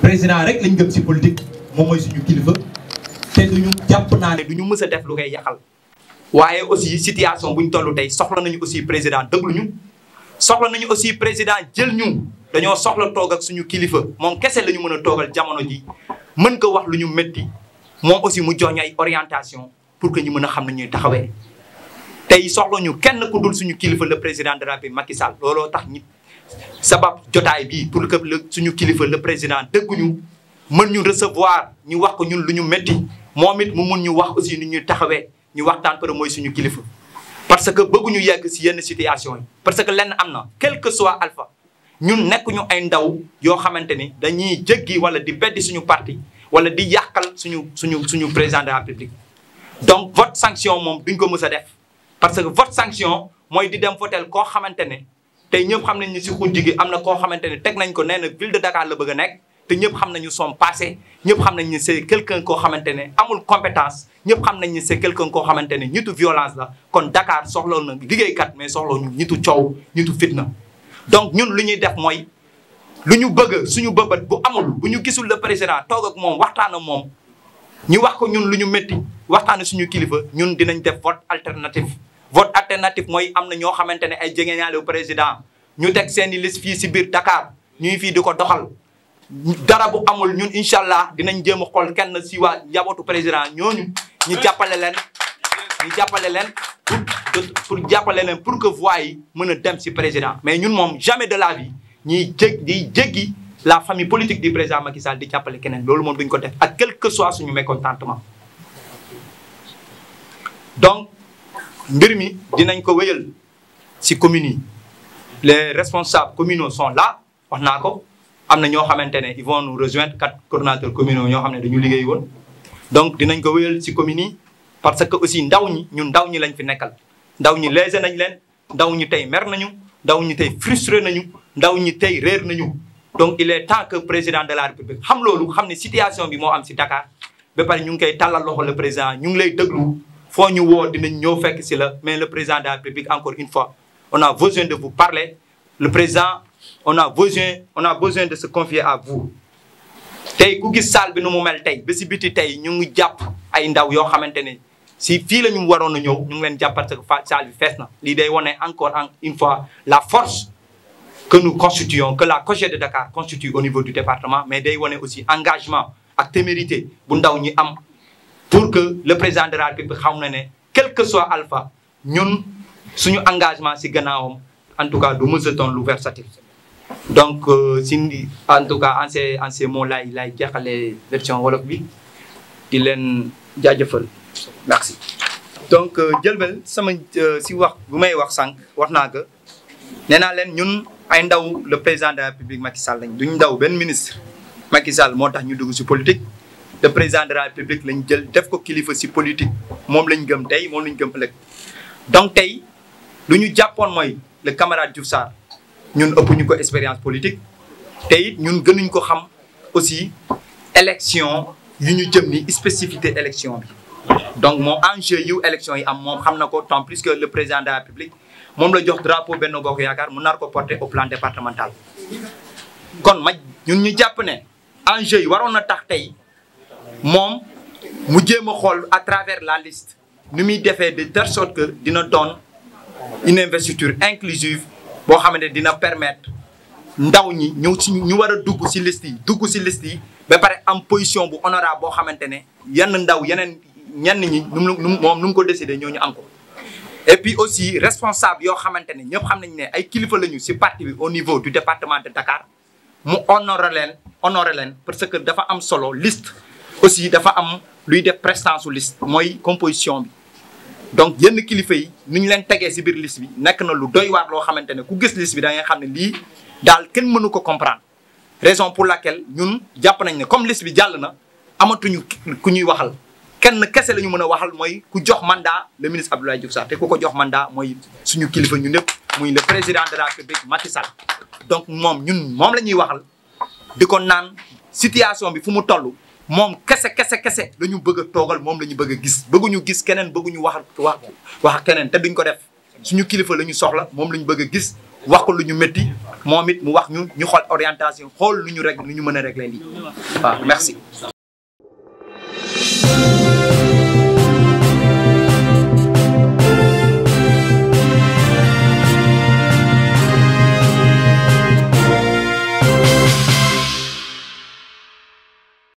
président rek lañ gëm si politique moom mooy suñu kilifa te duñu jàpp naa ne ñu mës a def lu koy yàqal waaye aussi situation ñu toll tey soxla nañu aussi président ñu soxla nañu aussi président jël ñu dañoo soxla toog ak suñu kilifa moom kese la mën a toogal jamono ji mën ko wax lu ñu métti moo aussi mu jox ñu ay orientation pour que ñu mën a xam ne ñuy taxawee tey soxla ñu kenn ku dul suñu kilifa le président de la République looloo tax ñi sabab jotaay bii pour que suñu kilifa le président dëgguñu mën ñu recevoir ñu wax ko ñun lu ñu métti moom it mu mun ñu wax aussi nu ñuy taxawee ñu waxtaan pare mooy suñu kilifa parce que ñu yegg si yenn situation yi parce que lenn am na quel que soit alpha ñun nekkuñu ay ndaw yoo xamante ni dañuy jéggi wala di beddi suñu parti wala di yàqal suñu suñu suñu président de la République donc vote sanction moom duñ ko mës a def parce que vote sanction mooy di dem votel koo xamante ne tey ñëpp xam nañ ni si xujj am na koo xamante ne teg nañ ko nee na ville de Dakar la bëgg a nekk te ñëpp xam nañu son passé ñëpp xam nañ ni c'est quelqu'un koo xamante ne amul compétence ñëpp xam nañ ni c'est quelqu'un koo xamante ne ñitu violence la kon Dakar soxla na kat mais soxla ñu ñitu coow ñitu fitna donc ñun lu ñuy def mooy lu ñu bëgg suñu bëbët bu amul bu ñu gisul le président toog ak moom waxtaan ak moom ñu wax ko ñun lu ñu métti waxtaan suñu kilifa ñun dinañ def vote alternative. vote alternative mooy am na ñoo xamante ne ay jegeñaale président ñu teg seen i liste fii si biir Dakar ñuy fii di ko doxal dara bu amul ñun incha allah dinañ jéem a xool kenn si waa njabootu président ñooñu ñu jàppale leen. ñu jàppale leen pour pour jàppale leen pour que voix yi mën a dem si président. mais ñun moom jamais de la vie ñuy jég di jéggi la famille politique du président Macky Sall di jàppale keneen loolu moom duñ ko def ak quel que soit suñu mécontentement donc mbir mi dinañ ko wéyal si communes yi les responsables communaux sont là wax naa ko am na ñoo xamante ne ils vont nous rejoindre quatre coordonnateurs communaux ñoo xam ne dañu liggéey woon donc dinañ ko wéyal si communes yi. parce que aussi ndaw ñi ñun ndaw ñi lañ fi nekkal ndaw ñi lésé nañ leen ndaw ñi tey mer nañu ndaw ñi tey frustré nañu ndaw ñi tey na nañu donc il est temps que président de la république xam loolu xam ne situation bi moo am si Dakar ba pare ñu ngi koy tàllal loxo le président ñu ngi lay déglu foo ñu woo dinañ ñëw fekk si la mais le président de la république encore une fois on a besoin de vous parler le président on a besoin on a de se confier à vous tey ku gis salle bi nu mu mel tey ba si biti tey ñu ngi jàpp ay ndaw yoo xamante ne si fii la ñu waroon a ñëw ñu ngi leen jàppal parce que fees na lii day wane encore une fois la force que nous constituons que la COJER de Dakar constitue au niveau du département mais day wane aussi engagement ak témérité bu ndaw ñi am pour que le président de la République xam na ne quel que soit alpha ñun suñu engagement si gannaawam en tout cas du mësaton lu versatile donc euh, si en tout cas en ces en ces mots laay laay jeexale version wolof bi di leen jaajëfal merci donc euh, jëlbel sama euh, si wax bu may wax sànq wax naa que nee naa leen ñun ay ndaw le président de la république Macky Sall lañ duñ ndaw benn ministre Macky Sall moo tax ñu dugg si politique le président de la république lañ jël def ko kilifa si politique moom lañ gëm tey moom lañ gëm ëllëg donc tey lu ñu jàppoon mooy le camarade Diouf ñun ëpp ñu ko expérience politique tey it ñun gënuñ ko xam aussi élection yu ñu jëm ni spécificité élection bi donc moo enjeu yu élection yi am moom xam na ko tant plus que le président de la République moom la jox drapeau Benno Bokk Yaakaar mu nar ko porter au plan départemental. kon ma ñun ñu jàpp ne enjeu yi waroon na tax tey moom mu jéem a xool à travers la liste nu muy defee de telle sorte que dina doon une investiture inclusive boo xamante ne dina permettre ndaw ñi ñu si ñu war a dugg si liste yi dugg si liste yi ba pare am position bu honorable boo xamante ne yenn ndaw yeneen. ñenn ñi moom nu mu ko décidé ñooñu am ko. et puis aussi responsable yoo xamante ne ñëpp xam nañ ne ay kilifa lañu si parti bi au niveau du département de Dakar mu honoré leen honoré leen parce que dafa am solo list aussi dafa am luy def prestance su liste mooy composition bi donc yenn kilifa yi ni ñu leen tegee ci biir liste bi nekk na lu doy waar loo xamante ne ku gis liste bi da xam ne lii daal kenn mënu ko comprendre raison pour laquelle ñun jàpp nañ ne comme liste bi jàll na amatuñu ku ñuy waxal. kenn kese la ñu mën a waxal mooy ku jox mandat le ministre Abdoulaye Diouf Sarr te ku ko jox mandaa mooy suñu kilifa ñu ñëpp muy le président de la République Macky donc moom ñun moom la ñuy waxal di ko naan situation bi fu mu toll moom kese kese kese lañu ñu bëgg toogal moom la ñu bëgg a gis bëgguñu gis keneen bëgguñu wax wax wax keneen te duñ ko def suñu kilifa la ñu soxla moom la ñu bëgg a gis wax ko lu ñu métti moom it mu wax ñu ñu xool orientation xool lu ñu rek lu ñu mën a régler lii waaw merci